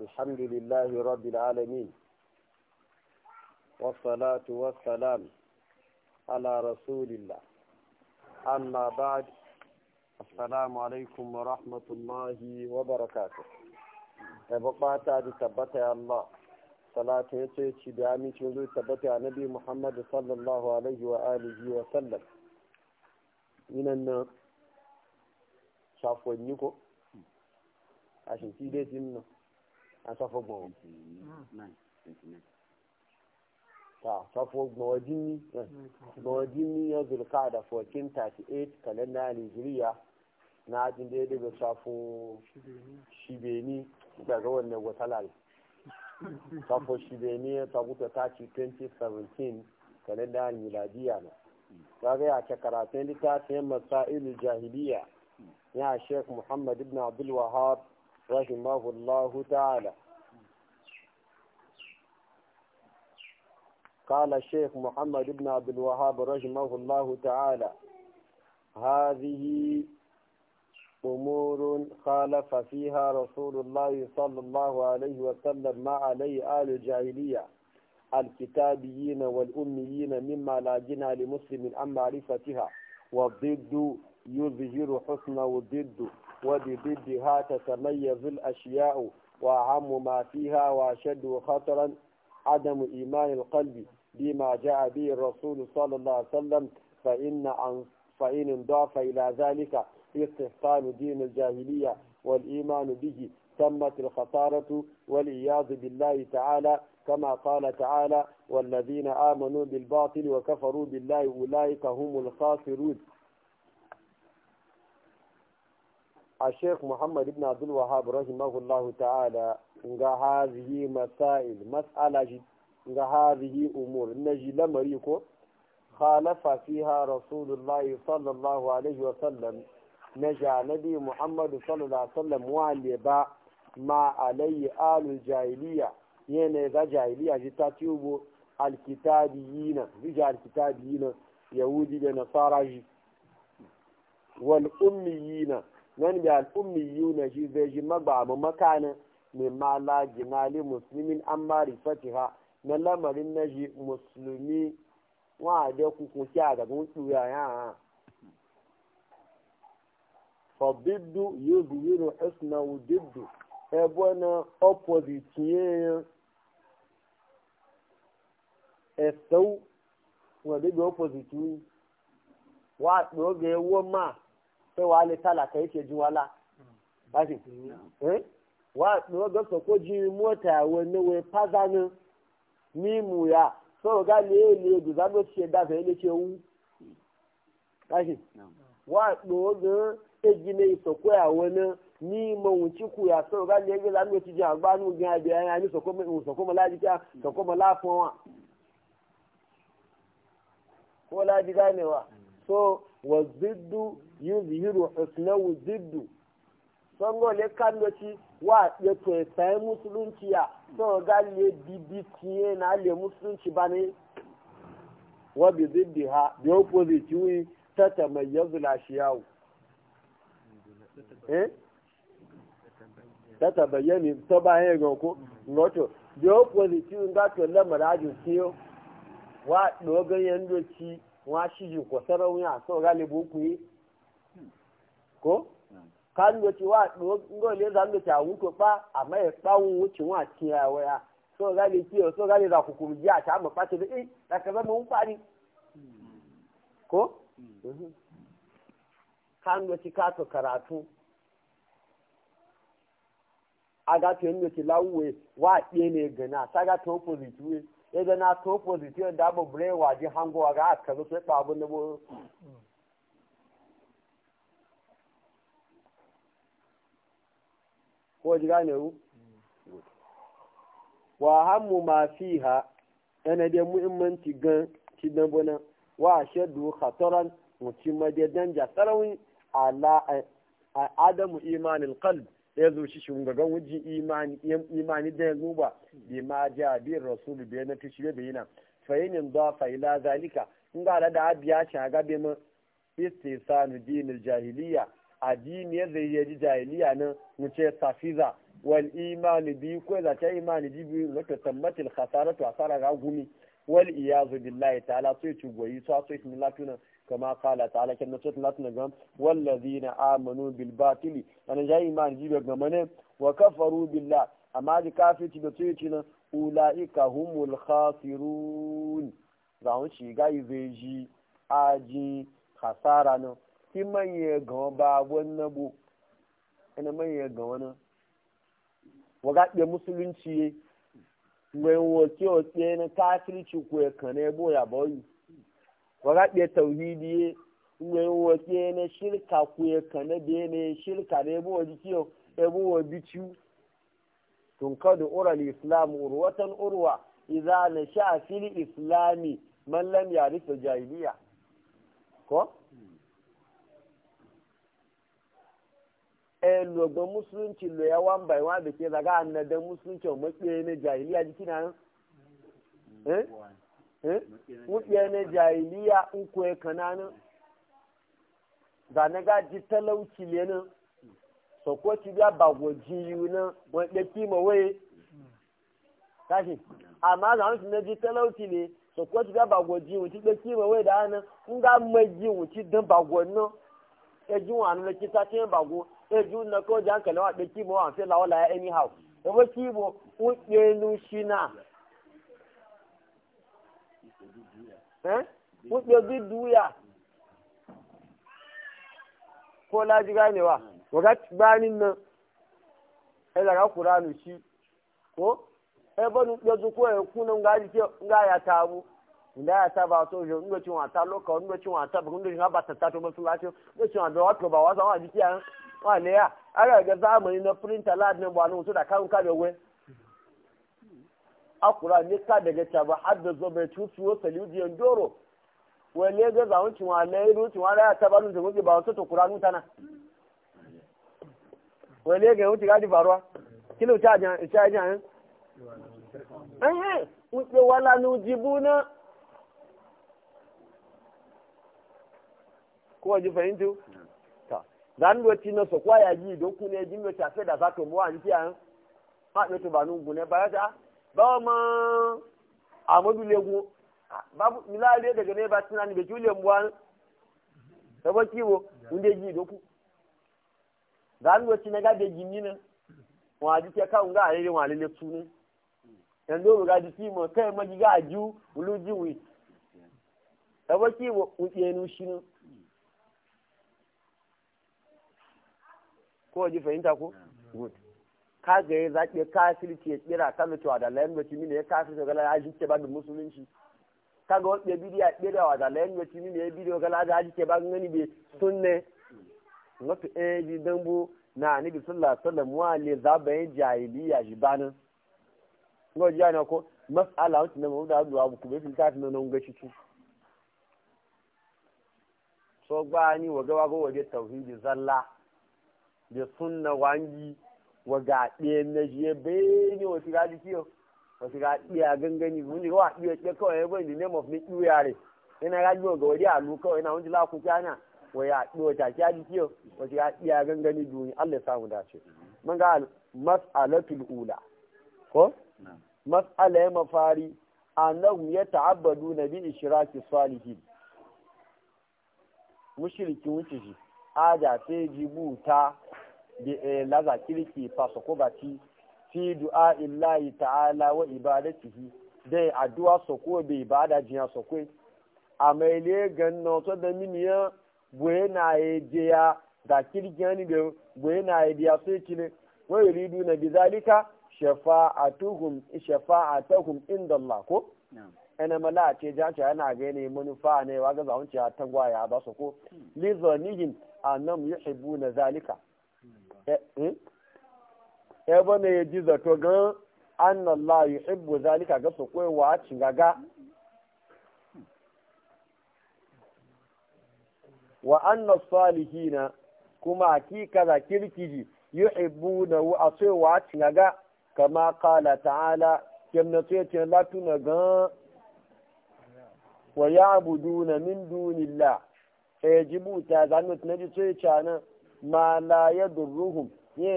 الحمد لله رب العالمين والصلاة والسلام على رسول الله أما بعد السلام عليكم ورحمة الله وبركاته أبقى تعدي تبت يا الله صلاة يتشي بعمي تنزل تبت يا نبي محمد صلى الله عليه وآله وسلم من النار شافوا نيكو عشان تيجي تنزل asọ́fọ́gbọ̀n ta safo gbawadini ya zulka da 1438 kalenda nigeria na ajin da ya daga safo shibeni daga wannan watalar safo shibeni ya tabuta ta ci 2017 kalenda miladiya na kaga ya ce karatun littafin masailu jahiliya ya sheikh muhammad ibn abdul wahab رحمه الله تعالى قال الشيخ محمد بن عبد الوهاب رحمه الله تعالى هذه أمور خالف فيها رسول الله صلى الله عليه وسلم ما عليه آل الجاهلية الكتابيين والأميين مما لا جنى لمسلم عن معرفتها والضد يظهر حسنه الضد وبضدها تتميز الأشياء وأعم ما فيها وأشد خطرا عدم إيمان القلب بما جاء به الرسول صلى الله عليه وسلم فإن فإن انضاف إلى ذلك استحسان دين الجاهلية والإيمان به تمت الخطارة والعياذ بالله تعالى كما قال تعالى والذين آمنوا بالباطل وكفروا بالله أولئك هم الخاسرون a sheikh muhammad ibn abdul wahab rahimahullah ta'ala ga hazihi masail mas'ala ji ga hazihi umur na ji lamari ko khalafa fiha rasulullah sallallahu alaihi wa sallam na janabi muhammad sallallahu alaihi wa sallam wale ba ma alayhi alul jahiliya yene ga jahiliya ji ta tubo alkitabiyina bija alkitabiyina yahudi da nasara ji wal ummiyina wani da al'ummi yiwu na shi zai ji magbabu makanin mai mala jimali musulmin an mari fatiha na na musulmi wa da kuku kya ga gunsu ya ya fadiddu yuzhiru husnahu sai mm. mm. eh? mm. wa le talaka yake ji wala ba shi eh wa no ga so ko ji mota wani we pazanin ni mu ya so ga le le du za go ce da sai le ce wu ba shi wa no ga e ji ne so ko ya wani ni mo wuci ku ya so ga le ga za go ci ji agba nu ga bi ya ni so ko mo so ko mo la ji ka so ko mo la fon wa ko la ji ga ne wa so والضد يظهر حسنه الضد sango le kando ci wa ya to ya musulunci ya so ga le bibi na le musulunci ba ne wa bi ziddi ha bi opposite wi ta tamayyazu la shiyawu eh ta tabayyani to ba ya ga ko ngoto bi opposite wi ga to wọ́n á ṣíjú kọ̀ sẹ́rọ̀ wọn àṣọ ọ̀gálẹ̀bù ó pè é kó hmm. kánúgbò tí wà ló ń ilé ńlá ńlọ́tì àwọn kò pa a ẹ̀ pa òun ó ti àti àwẹ̀ à sọ ọ̀gálẹ̀ tí ọ̀ sọ ọ̀gálẹ̀ na kòkòrò jẹ́ àṣà àmọ̀ pàṣẹ pé ẹ̀ làkàbẹ́ mọ̀ ń parí kó hmm. tí káàtó ya zana na to position da abu bure waje a ga aka zo sai babu na bo ko ji gane wu wa hammu ma fiha yana da muhimmanci gan ci dan bona wa shaddu khataran mutum da danja tarawin ala adamu imanil qalbi ya zo shi shi ga wuji imani imani da zo ba bi ma ja bi rasulu bi na tishi bai yana fa yin da fa ila zalika in ga da abiya shi ga be mu istisanu dinil jahiliya addini ya zai yaji jahiliya nan wuce safiza wal imani bi ko za ta imani bi wata lokacin matil khasaratu asara ga gumi wal iyazu billahi ta'ala sai ci goyi sa sai ni latuna kama kala ta'ala kin sai ni latuna gam wallazina amanu bil batili ana jayi iman jibe gamane wa kafaru billah amma ji kafirci da sai ci na ulaika humul khasirun zawon shi ga izeji aji khasara na ki manye gan ba wannan bu ina manye gan wannan waga musulunci gwenwo ke o tsaye na kafirci ko ya kane bo ya bayu waga ɗaya tauhidi ye gwenwo ke na shirka ko ya kane da ya ne shirka da ya bo wa jiki ya bo wa biciu tun kada ural islam urwatan urwa idza na sha fil islami man lam yarif jahiliya ko lọgbọn musulunci lo ya wan bai wa da ke zaga annadan musulunci wa matsiyayi na jahiliya jiki na nan mutsiyayi na jahiliya in koya kananan zane ji talauci ne nan sokoci biya ba yiwu na wanda kima waye tashi amma zane na ji talauci ne sokoci biya ba yiwu ci da kima waye da hannun nga ga yiwu ci don bagwo na e ji na ko jan kalawa da kibo an sai lawala ya anyhow da ba kibo wuce na shina eh wuce bi ya ko laji ganewa wakati bayanin nan e ai daga shi ko ebe banu yanzu ko ya kunan gaji ke ngaya ya tabu nda ya taba to je ngo cin wata lokal ngo nwata ta tato masallaci ngo cin wata wato wane ya ana ga zamani na printer lab ne ba nan so da kan kabe we akura ne ka daga ta ba har da zobe tutu wo saluji ndoro wele ga zawon cin wale ru cin wale ta ba nun zuwa ba so to ga wuce anya faruwa kilo ta jan ta na. zan loti na so kwa ya ji do ku ne jin ta fe da za to mu an ti an ma ne to ba gune ba ta ba ma amadu legun babu milale daga ne ba tunani be jule mu an da ba kiwo unde ji do ku zan loti na ga be jinni na wa ji ke kan ga ale wa le tunu dan e do ga ji ti kai ma ji ga ju ji wi da ba kiwo u tenu shi ko ji fahimta ko good ka ga ya zaɓe kafirci ya kira ka cewa da layan mutu mini ya kafirci ga ya ji ke ba da musulunci ka ga wani bidiya kira wa da layan mutu mini ya bidiyo ga ya ji ke ba gani bai sunne wato eh ji dambo na ni bi sallallahu alaihi wasallam wa le yin jahiliya ji bana. ko ji yana ko mas'ala wacce na da abduwa ku bai fita ta nan ga ci so gba ni wa gawa ga waje tauhidi zalla da sunna wangi wa ga ɗaya na jiye bayani wasu ga jikiyo wasu ga ɗaya gangani mun ji wa ɗaya ke kawai ya bai ne name of ni ɗuya re yana ga jiyo ga wadi alu kawai na wani laku kyana wa ya ɗuwa ta kya jikiyo wasu ga ɗaya gangani duniya Allah ya samu dace mun ga mas'alatul ula ko mas'ala ya mafari annahu ya ta'abbadu na bi ishraki salihin mushrikin wuce shi aja sai jibuta eh, laza kirki ko kubati fi du'a illahi ta'ala wa ibadatihi dai addu'a ko be ibada jiya so a mai gan ganna to da miniya boye na ye jiya da kirki ani be boye na ye biya so kile wa yuridu na bizalika shafa'atuhum shafa'atuhum inda Allah ko ene mala ce ja ce yana ga ne manufa ne wa ga zaunci a tangwa ya ba su ko hmm. li zanihim annam na zalika eh hmm. eh e, e ya ne ji zato ga anna allah yuhibbu zalika ga su ko e wa cin gaga wa anna na kuma hakika da kirkiji yuhibbuna wa asai wa cin gaga kama kala ta'ala kemna tuyatin latuna gan wa ya ya'buduna min ji buta jibuta zanu ji sai cana ma la yadurruhum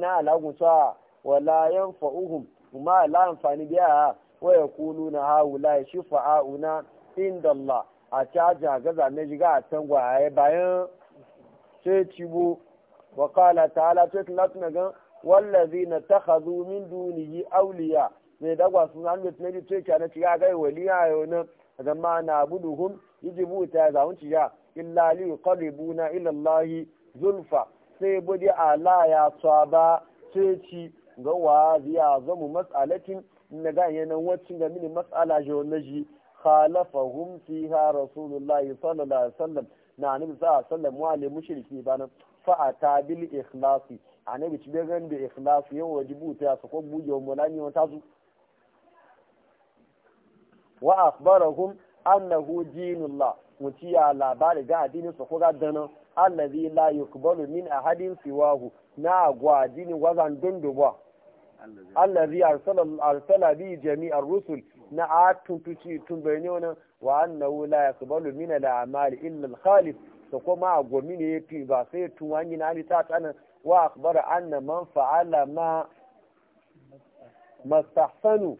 na alagun sa wa la yanfa'uhum kuma la amfani biya wa shi haula shifa'una inda Allah a caja gaza na jiga a can gwaye bayan sai bu wa kala ta ta'ala na tulatuna gan wallazi na ta hazu min duniyi auliya mai dagwa sun hannu na sai ci ciga gai waliya yau nan zama na buduhum yajibu ta zawunci ya illa li yuqarribuna ila Allah zulfa sai budi ala ya tsaba sai ci ga wa ziya zamu mas'alatin inna ga yana wacin ga mini mas'ala jo naji khalafahum fiha rasulullahi sallallahu alaihi wasallam na annabi sallallahu alaihi wasallam wa ne mushriki bana fa ata bil ikhlasi anabi ci be gan da ikhlasi yau wajibu ta su ko buje mulani wata su wa akhbarahum annahu dinullah muti ya labari ga addinin su ko dana allazi la yuqbalu min ahadin siwahu na gwa addinin wazan dunduba allazi arsala bi jami'ar rusul na atuntuci tumbayne wannan wa annahu la yuqbalu min al-a'mali illa al da kuma a min ya fi ba sai tun wani na ta tsana wa akbar anna man fa'ala ma mastahsanu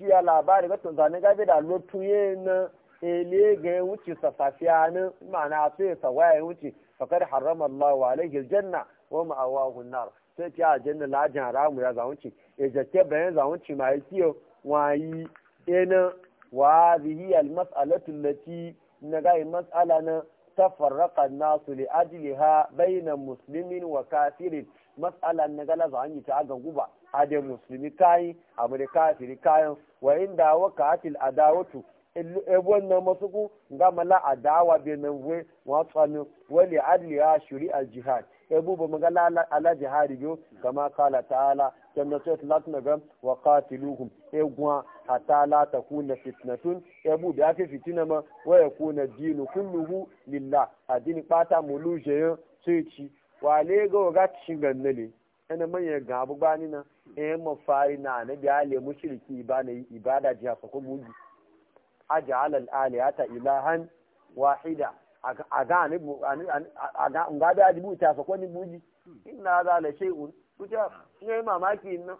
ya labari ga zane gabe da lotu ye na ele ga wuce safafiya ne ma'ana sai ya sawaya wuce fakar harama Allah wa alaihi aljanna wa ma'awahu nar sai ki aljanna la jan ramu ya zawunci e jake bayan zawunci ma yi wayi ena wa bihi al mas'alatu allati na ga mas'ala na tafarraqa an-nasu li ajliha bayna muslimin wa kafirin mas'ala na ga la zawunci ta ga guba ade musulmi kayi amurka kafiri kayan wa inda waka adawatu ebon na masuku ga mala adawa be na we wa tsanu wali ya shuri al jihad ebu ba magala ala jihad yo kama kala ta'ala kan da lat wa qatiluhum egwa hatta la takuna fitnatun ebu da fi fitina ma wa yakuna dinu kulluhu lillah adini pata muluje yo sechi ci wale ga ga cin gannale ana manya gabu bani na in mafari na na biya le mushriki ibada ibada jiya fa ko muji aj'al al alihata ilahan wahida aga ne aga ga da dibu ta fa ko ni muji inna za la shay'un kuja ne mamaki nan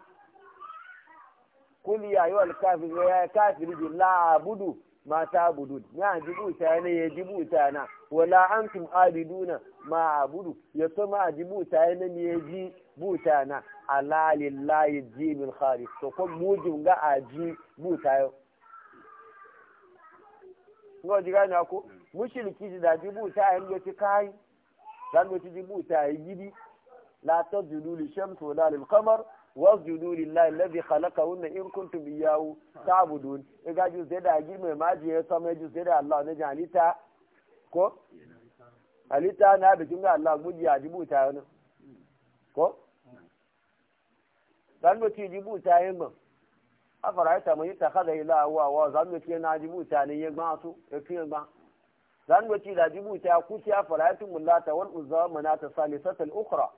kuli ya yi wal kafir ya kafir bi la abudu ma ta budun ya ji ta ne ya ji ta na wala antum abiduna ma abudu ya to ma jibu ta ne ya ji buta na alalillahi jimin kharif to ko mujin ga aji mutayo. ngo diga na ko mushriki da ji buta yin go ti kai dan go ti ji buta yi gidi la tajudu li shams wa la qamar wa wasjudu lillahi alladhi khalaqahunna in kuntum iyyahu ta'budun e ga ju zai da gi mai maji ya sama ju zeda Allah ne janita ko alita na bikin ga Allah muji aji buta ko zan ci jibuta yin ban a faraita mai ta kada ila wa wa zan ci na jibuta ne ya gba su ya yin ba zan ci da jibuta kuci a faraitu mulata wal uzza manata salisatul ukhra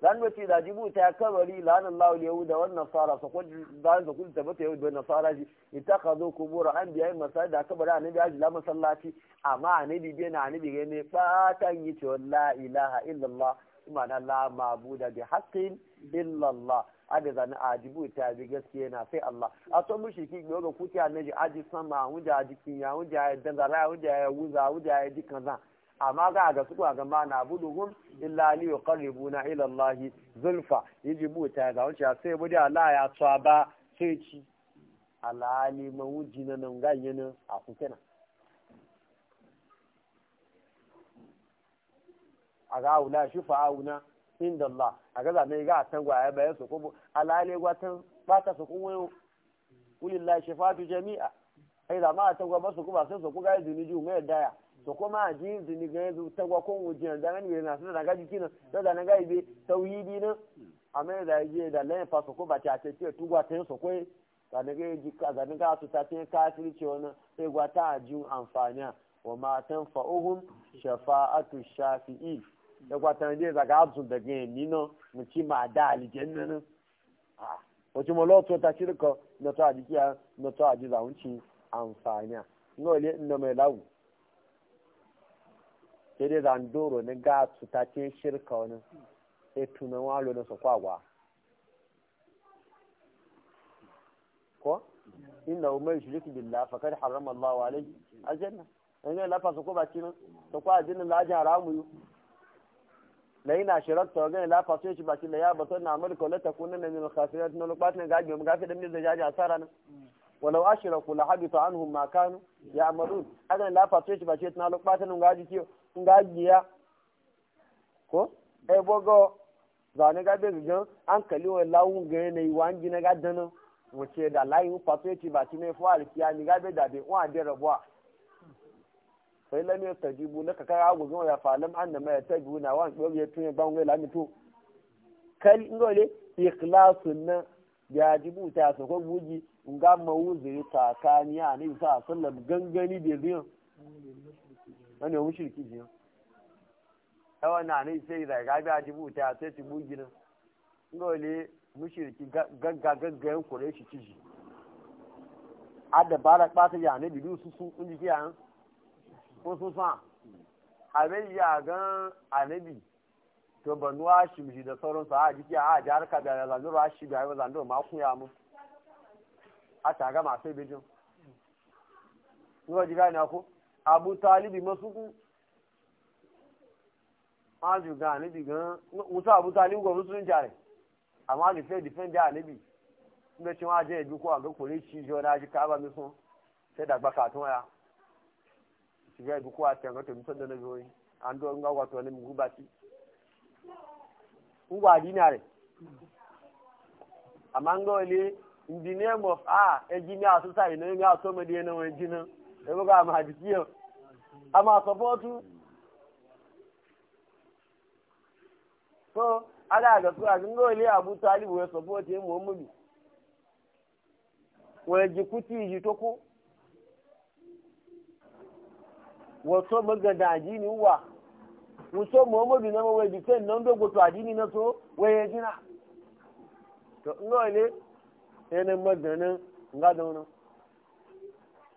zan ci da ya kabari lanan lawul yahuda wa nasara su ko zan da kulta bata yahuda wan nasara ji ittakhadhu qubur anbiya masajida kabara annabi ajila masallaci amma annabi bai na annabi ne fatan yi ce la ilaha illallah imana la mabuda bi haqqin illallah ada zane a jibu ta bi gaskiya na sai Allah a to mushriki ga ga kuti annaji aji sama hunja aji kinya hunja ya danzara hunja ya wuza hunja ya ji kaza amma ga ga su ga ma na buduhum illa li yuqarribuna ila Allah zulfa bu ta ga hunja sai budi Allah ya tsaba sai ci alali mawuji na nan ga yana a kukena a ga wula shufa auna inda Allah a gaza ne ga tan gwaya bayan su kuma alale gwatan bata su kuma yau kulillah shafatu jami'a ai da ma tan gwaba su kuma sai su kuma ga zuni ju mai daya to kuma ji zuni ga yanzu ta gwa kun wujin da ne na su da gaji kinan da da na ga ibe tauhidi nan amma da yi da lai fa su kuma ta ce ce tu gwatan su koi da ne ga ji ka da ne ga su ta ce ce wannan sai gwata ji amfaniya wa ma tanfa'uhum shafa'atu shafi'i da kwatan a zaka absun da gen ni ma da aljanna no ah o ci mo lo to ta na to ajiya na to ajiya zaunci amfaniya le inda mai dai na ga su ta ce shirka wani na tunan walo na su kwagwa ko inna billah Allah ko kwa lẹ́yìn àṣírọ́tò ọ̀gẹ́ ìlà fàṣọ ìṣù bàtí lẹ́yà àbọ̀tọ́ ní amẹ́ríkà lẹ́tẹ̀kún nínú ẹ̀mí lọ́kàfẹ́ ẹ̀tún olùpàtì ní gáàjì omi gáfẹ́ dẹ́mi lẹ́jà àjà sára ní. wọ́n lọ́wọ́ àṣírọ̀kù làhábì tó àánú hùmà kánú yà àmọ́dù ẹ̀tún ìlà fàṣọ ya. kó ẹ bọ́gọ́ zàní gábé gígan ga wọn a gẹ̀ẹ́ ní ìwà ń jiná gá dáná wọ́n ṣe dà láyé ń sai lam yastajibu laka kai agu zo ya falam anna ma yatajibu na wan do ya tun ban wai lami to kal ngole ikhlasun na yajibu ta so ko buji nga mawuzi ta kaniya ne sa sallam gangani da biyan wani wa mushriki jiya ta wannan ne sai da ga ga jibu ta sai ti buji na ngole mushriki gagga gaggayen kore shi ciji adda bara ba ta ya ne bidu su su kun ji kiyan wasu sa abin ya gan anabi to banu hashim shi da sauransu a jiki a ji harka da zanuru hashim ya yi wa zanuru ma kuya mu a taga masu ibejin zuwa ji gani ako abu talibi masu ku an ju ga anabi gan musa abu talibi gwamnati sun jare amma da fai difen da anabi inda cin wajen ya bi ko a ga kore shi jiwa na ji kaba misun sai da gbaka tun waya ìgbà ìbùkún àti àwọn tòun tó dẹ́nu lórí àndó ńgá wà tó ní mú bá sí. ń wà dínà rẹ̀ àmà ń gbọ́ ilé in the name of ẹjí ní àtúntà ní àtọ́mọdé ẹni wọn náà ẹgbẹ́ ká àmà àdìsí so àti ilé alìwò ẹ̀ ẹ̀ mọ́ wọ́n ẹ̀jẹ̀ wato magada ajini uwa muso muhammadu na mawai jikin nan dogo to ajini na so waye jina to ina ne yana maganin nga da wani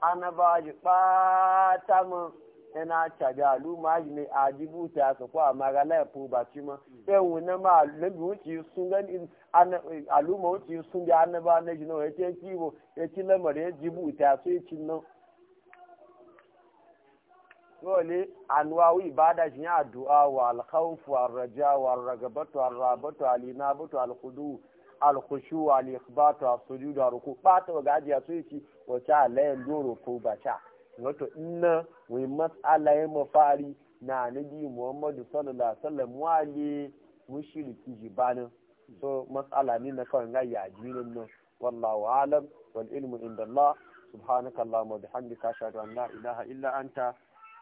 ana ba ji ɓata mu yana cabi aluma ji ne a jibu ta ka kwa mara laifu ba ci ma yan wani ma labi wuce sun gani aluma wuce sun bi annaba na jina ya ce kiwo ya ci lamar ya jibu ta so ya ci nan dole anwawu ibada shi ya du'a wa alkhawf wa arraja wa arragabatu arrabatu alinabatu alkhudu alkhushu wa alikhbatu sujudu wa ruku bata ga ajiya su yi wa cha la ndoro ko cha wato inna wi mas'ala ya mafari na nabi muhammadu sallallahu alaihi wasallam wali mushriki jibanin so mas'ala ne na kawai ga jinin nan wallahu alam wal ilmu inda Allah wa bihamdika ashhadu an la ilaha illa anta